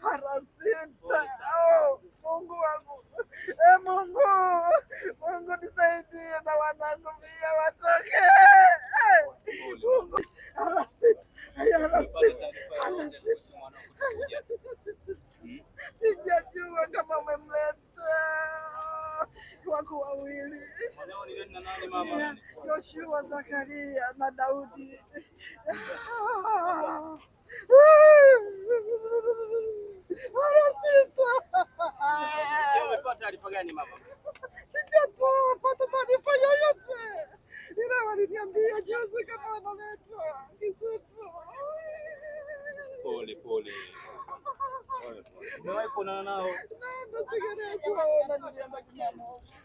Arasita, oh, Mungu wangu, eh, Mungu Mungu nisaidie na wanangu pia watoke. Sijajua kama umemleta wako wawili Yoshua, Zakaria na Daudi. Sijapata taarifa yoyote, ila waliniambia juzi kama wanaletwa Kisutu. Pole pole. Naenda sigaria kuwaona, nilienda Jumamosi.